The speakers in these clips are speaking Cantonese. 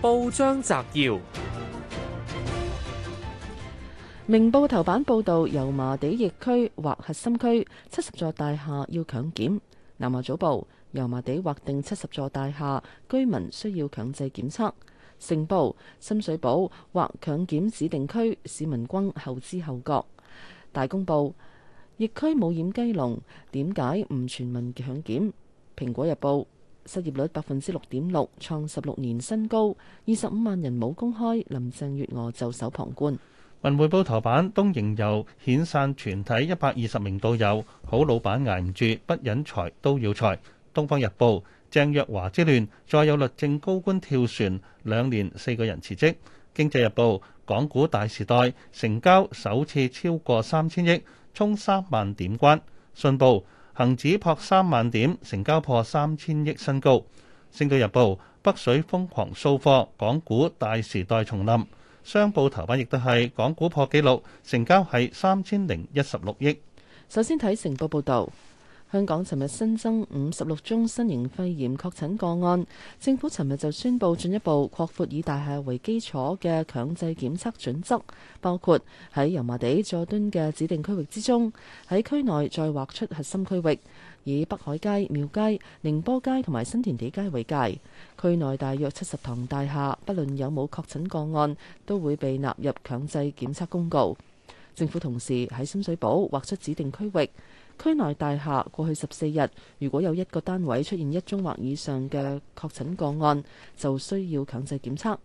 報章摘要：明報頭版報道油麻地疫區或核心區七十座大廈要強檢。南華早報：油麻地劃定七十座大廈，居民需要強制檢測。成報：深水埗或強檢指定區，市民轟後知後覺。大公報：疫區冇掩雞籠，點解唔全民強檢？蘋果日報。失業率百分之六點六，創十六年新高。二十五萬人冇工開，林鄭月娥袖手旁觀。《文匯報》頭版：東瀛遊遣散全體一百二十名導遊，好老闆捱唔住，不忍財都要財。《東方日報》：鄭若驊之亂，再有律政高官跳船，兩年四個人辭職。《經濟日報》：港股大時代，成交首次超過三千億，衝三萬點關。信報。恒指破三萬點，成交破三千億新高。星島日報：北水瘋狂掃貨，港股大時代重臨。商報頭版亦都係港股破紀錄，成交係三千零一十六億。首先睇成報報道。香港昨日新增五十六宗新型肺炎確診個案，政府昨日就宣布進一步擴闊以大廈為基礎嘅強制檢測準則，包括喺油麻地佐敦嘅指定區域之中，喺區內再劃出核心區域，以北海街、廟街、寧波街同埋新填地街為界，區內大約七十幢大廈，不論有冇確診個案，都會被納入強制檢測公告。政府同時喺深水埗劃出指定區域。區內大廈過去十四日，如果有一個單位出現一宗或以上嘅確診個案，就需要強制檢測。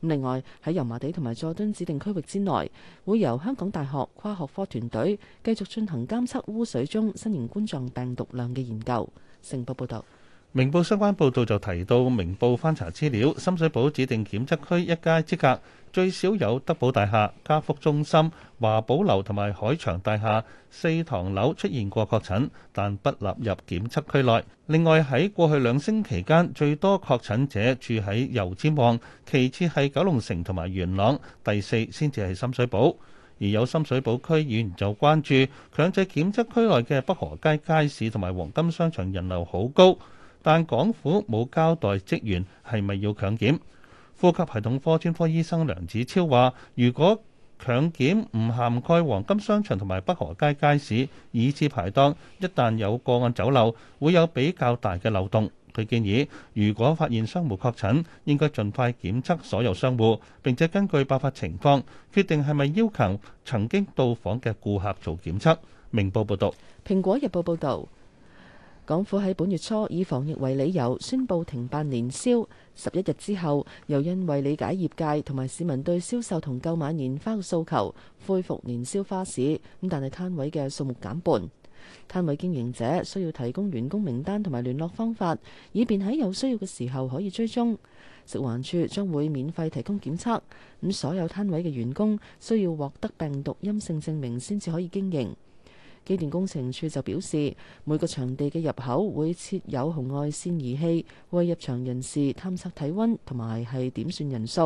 另外喺油麻地同埋佐敦指定區域之內，會由香港大學跨學科團隊繼續進行監測污水中新型冠狀病毒量嘅研究。成報報道。明報相關報道就提到，明報翻查資料，深水埗指定檢測區一街之隔，最少有德寶大廈、家福中心、華寶樓同埋海翔大廈、四堂樓出現過確診，但不納入檢測區內。另外喺過去兩星期間，最多確診者住喺油尖旺，其次係九龍城同埋元朗，第四先至係深水埗。而有深水埗區議員就關注，強制檢測區內嘅北河街街市同埋黃金商場人流好高。但港府冇交代職員係咪要強檢，呼吸系統科專科醫生梁子超話，如果強檢唔涵蓋黃金商場同埋北河街街市、以至排檔，一旦有個案走漏，會有比較大嘅漏洞。佢建議如果發現商戶確診應該盡快檢測所有商戶，並且根據爆發情況決定係咪要求曾經到訪嘅顧客做檢測，明報報道，蘋果日報報道。港府喺本月初以防疫為理由，宣布停辦年宵。十一日之後，又因為理解業界同埋市民對銷售同購買年花嘅訴求，恢復年宵花市。咁但係攤位嘅數目減半，攤位經營者需要提供員工名單同埋聯絡方法，以便喺有需要嘅時候可以追蹤。食環署將會免費提供檢測。咁所有攤位嘅員工需要獲得病毒陰性證明先至可以經營。機電工程處就表示，每個場地嘅入口會設有紅外線儀器，為入場人士探測體温同埋係點算人數，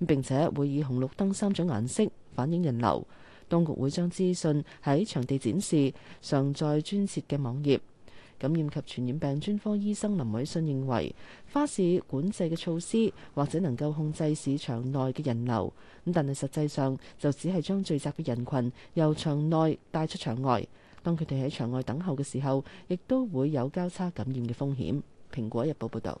咁並且會以紅綠燈三種顏色反映人流。當局會將資訊喺場地展示常在專設嘅網頁。感染及傳染病專科醫生林偉信認為，花市管制嘅措施或者能夠控制市場內嘅人流，咁但係實際上就只係將聚集嘅人群由場內帶出場外。當佢哋喺場外等候嘅時候，亦都會有交叉感染嘅風險。蘋果日報報導。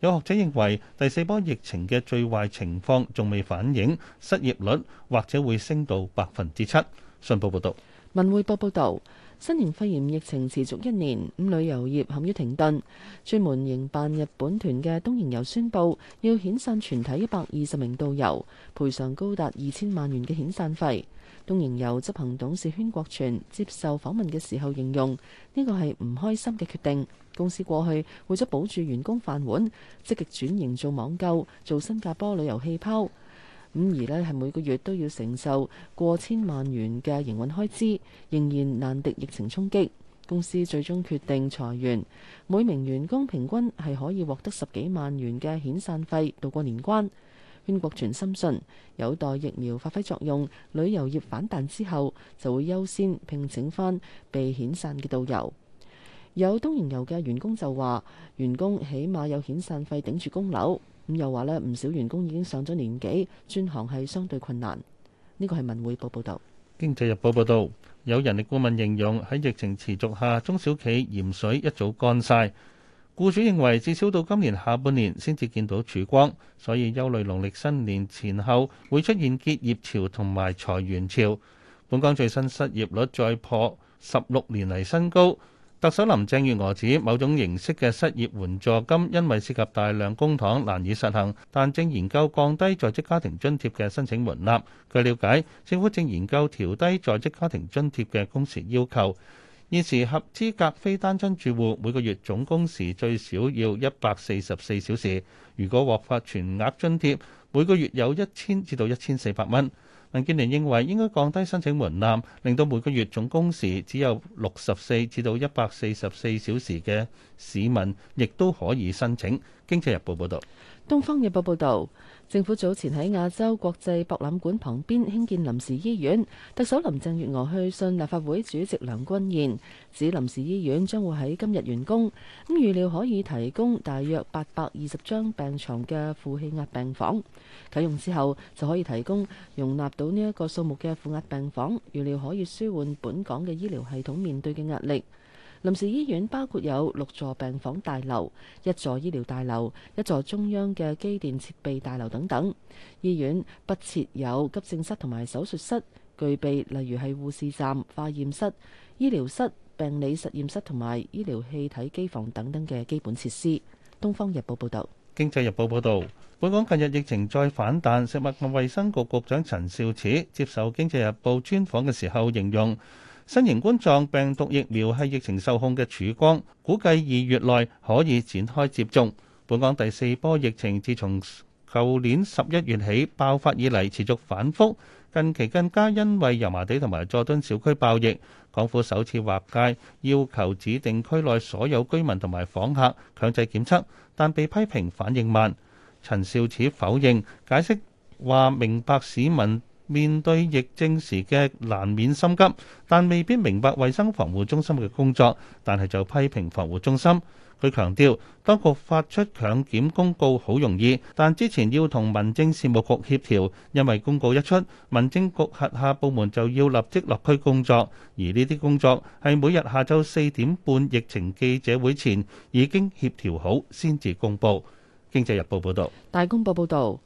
有學者認為第四波疫情嘅最壞情況仲未反映，失業率或者會升到百分之七。信報報導，文匯報報導，新型肺炎疫情持續一年，咁旅遊業陷於停頓。專門營辦日本團嘅東瀛遊宣佈要遣散全體一百二十名導遊，賠償高達二千萬元嘅遣散費。東瀛遊執行董事禤國全接受訪問嘅時候形容呢個係唔開心嘅決定。公司過去為咗保住員工飯碗，積極轉型做網購、做新加坡旅遊氣泡，咁而呢係每個月都要承受過千萬元嘅營運開支，仍然難敵疫情衝擊。公司最終決定裁員，每名員工平均係可以獲得十幾萬元嘅遣散費度過年關。潘國全深信，有待疫苗發揮作用，旅遊業反彈之後，就會優先聘請翻被遣散嘅導遊。有東瀛遊嘅員工就話：員工起碼有遣散費頂住供樓。咁又話咧，唔少員工已經上咗年紀，轉行係相對困難。呢個係文匯報報導。經濟日報報導，有人力顧問形容喺疫情持續下，中小企鹽水一早乾晒。雇主認為至少到今年下半年先至見到曙光，所以憂慮農曆新年前後會出現結業潮同埋裁員潮。本港最新失業率再破十六年嚟新高。特首林鄭月娥指，某種形式嘅失業援助金因為涉及大量公帑，難以實行，但正研究降低在職家庭津貼嘅申請門檻。據了解，政府正研究調低在職家庭津貼嘅工時要求。現時合資格非單親住戶每個月總工時最少要一百四十四小時，如果獲發全額津貼，每個月有一千至到一千四百蚊。民建聯認為應該降低申請門檻，令到每個月總工時只有六十四至到一百四十四小時嘅市民，亦都可以申請。經濟日報報導。東方日報報道，政府早前喺亞洲國際博覽館旁邊興建臨時醫院，特首林鄭月娥去信立法會主席梁君彥，指臨時醫院將會喺今日完工，咁預料可以提供大約八百二十張病床嘅負氣壓病房，啟用之後就可以提供容納到呢一個數目嘅負壓病房，預料可以舒緩本港嘅醫療系統面對嘅壓力。臨時醫院包括有六座病房大樓、一座醫療大樓、一座中央嘅機電設備大樓等等。醫院不設有急症室同埋手術室，具備例如係護士站、化驗室、醫療室、病理實驗室同埋醫療氣體機房等等嘅基本設施。《東方日報》報道。《經濟日報》報道，本港近日疫情再反彈，食物及衛生局局長陳肇始接受《經濟日報》專訪嘅時候形容。新型冠狀病毒疫苗係疫情受控嘅曙光，估計二月內可以展開接種。本港第四波疫情自從舊年十一月起爆發以嚟，持續反覆，近期更加因為油麻地同埋佐敦小區爆疫，港府首次劃界，要求指定區內所有居民同埋訪客強制檢測，但被批評反應慢。陳肇始否認，解釋話明白市民。面對疫症時嘅難免心急，但未必明白衞生防護中心嘅工作，但係就批評防護中心。佢強調，當局發出強檢公告好容易，但之前要同民政事務局協調，因為公告一出，民政局轄下部門就要立即落區工作，而呢啲工作係每日下晝四點半疫情記者會前已經協調好先至公佈。經濟日報報道。大公報報導。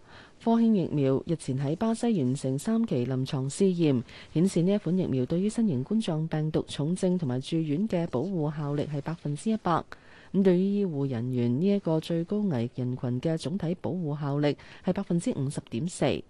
科興疫苗日前喺巴西完成三期臨床試驗，顯示呢一款疫苗對於新型冠狀病毒重症同埋住院嘅保護效力係百分之一百。咁對於醫護人員呢一個最高危人群嘅總體保護效力係百分之五十點四。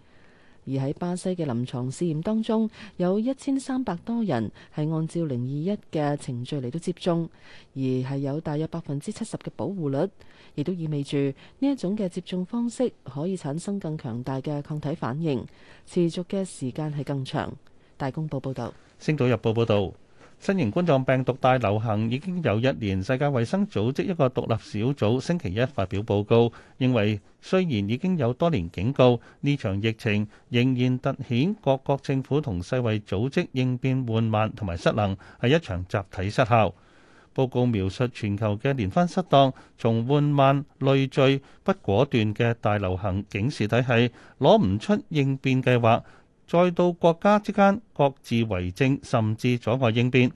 而喺巴西嘅臨床試驗當中，有一千三百多人係按照零二一嘅程序嚟到接種，而係有大約百分之七十嘅保護率，亦都意味住呢一種嘅接種方式可以產生更強大嘅抗體反應，持續嘅時間係更長。大公報報道，星島日報報道。新型冠狀病毒大流行已經有一年，世界衛生組織一個獨立小組星期一發表報告，認為雖然已經有多年警告，呢場疫情仍然凸顯各國政府同世衛組織應變緩慢同埋失能，係一場集體失效。報告描述全球嘅連番失當，從緩慢累贅、不果斷嘅大流行警示體系，攞唔出應變計劃。再到國家之間各自為政，甚至阻礙應變。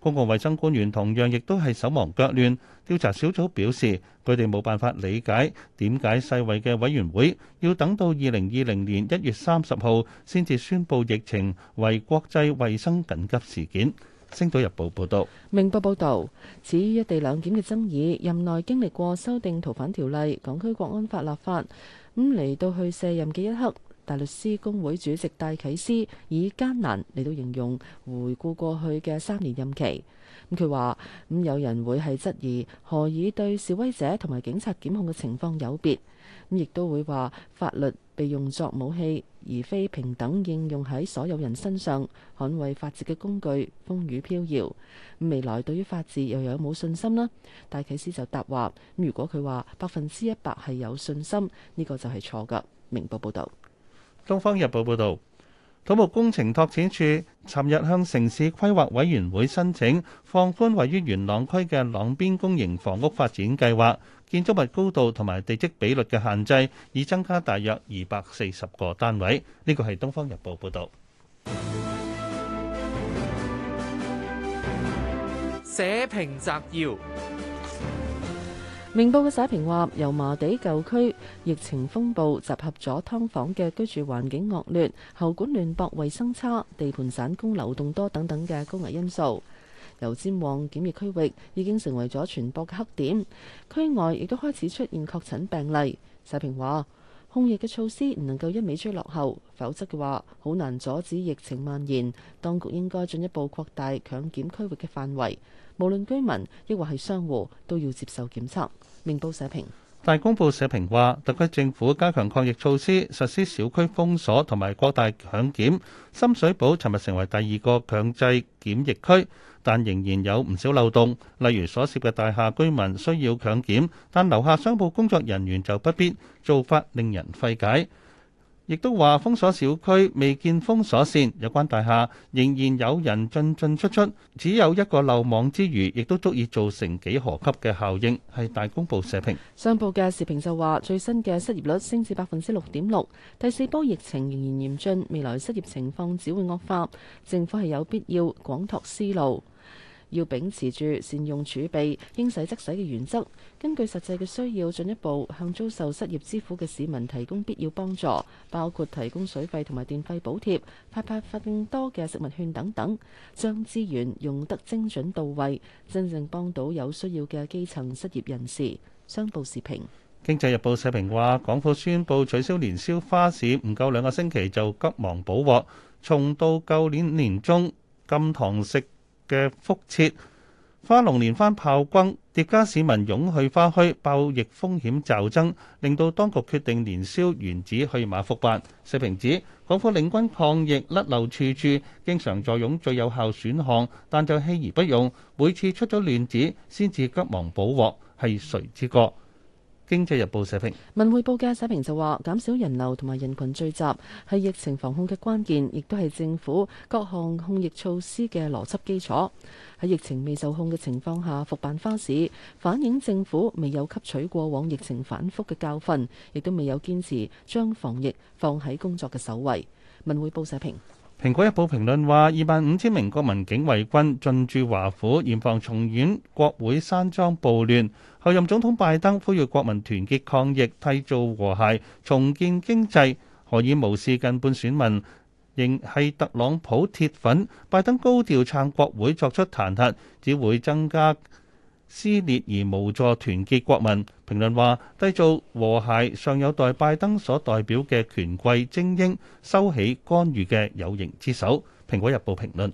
公共衛生官員同樣亦都係手忙腳亂。調查小組表示，佢哋冇辦法理解點解世衞嘅委員會要等到二零二零年一月三十號先至宣布疫情為國際衛生緊急事件。星島日報報道：「明報報道，至於一地兩檢嘅爭議，任內經歷過修訂逃犯條例、港區國安法立法，咁、嗯、嚟到去卸任嘅一刻。大律師公會主席戴啟思以艱難嚟到形容回顧過去嘅三年任期。咁佢話咁有人會係質疑何以對示威者同埋警察檢控嘅情況有別？咁、嗯、亦都會話法律被用作武器，而非平等應用喺所有人身上捍衛法治嘅工具風雨飄搖、嗯。未來對於法治又有冇信心呢？戴啟思就答話、嗯、如果佢話百分之一百係有信心，呢、呢個就係錯噶。明報報道。東方日報報道，土木工程拓展署尋日向城市規劃委員會申請放寬位於元朗區嘅朗邊公營房屋發展計劃建築物高度同埋地積比率嘅限制，以增加大約二百四十個單位。呢個係東方日報報道。社評摘要。明報嘅社評話：油麻地舊區疫情風暴，集合咗劏房嘅居住環境惡劣、喉管亂駁、衛生差、地盤散工流動多等等嘅高危因素。油尖旺檢疫區域已經成為咗傳播嘅黑點，區外亦都開始出現確診病例。社評話：控疫嘅措施唔能夠一味追落後，否則嘅話好難阻止疫情蔓延。當局應該進一步擴大強檢區域嘅範圍。無論居民亦或係商戶都要接受檢測。明報社評。大公報社評話，特區政府加強抗疫措施，實施小區封鎖同埋擴大強檢。深水埗尋日成為第二個強制檢疫區，但仍然有唔少漏洞，例如所涉嘅大廈居民需要強檢，但樓下商鋪工作人員就不必，做法令人費解。亦都話封鎖小區未見封鎖線，有關大廈仍然有人進進出出，只有一個漏網之魚，亦都足以造成幾何級嘅效應。係大公報社評上報嘅時評就話，最新嘅失業率升至百分之六點六，第四波疫情仍然嚴峻，未來失業情況只會惡化，政府係有必要廣拓思路，要秉持住善用儲備應使則使嘅原則，根據實際嘅需要，進一步向遭受失業之苦嘅市民提供必要幫助，包括提供水費同埋電費補貼、發發發更多嘅食物券等等，將資源用得精準到位，真正幫到有需要嘅基層失業人士。商報社評，經濟日報社評話，港府宣布取消年宵花市，唔夠兩個星期就急忙補鑊，重蹈舊年年中禁堂食嘅覆轍，花農連番炮轟，疊加市民湧去花墟，爆疫風險驟增，令到當局決定年宵原址去馬復辦。四平指港府領軍抗疫甩漏處處，經常坐擁最有效選項，但就棄而不用，每次出咗亂子先至急忙補鑊，係誰之過？《經濟日報》社評，《文匯報》嘅社評就話：減少人流同埋人群聚集係疫情防控嘅關鍵，亦都係政府各項控疫措施嘅邏輯基礎。喺疫情未受控嘅情況下復辦花市，反映政府未有吸取過往疫情反覆嘅教訓，亦都未有堅持將防疫放喺工作嘅首位。《文匯報》社評。《蘋果日報》評論話：二萬五千名國民警衛軍進駐華府，嚴防重演國會山莊暴亂。候任總統拜登呼籲國民團結抗疫、締造和諧、重建經濟，何以無視近半選民仍係特朗普鐵粉？拜登高調撐國會作出彈劾，只會增加。撕裂而無助團結國民，評論話：締造和諧尚有待拜登所代表嘅權貴精英收起干預嘅有形之手。《蘋果日報》評論。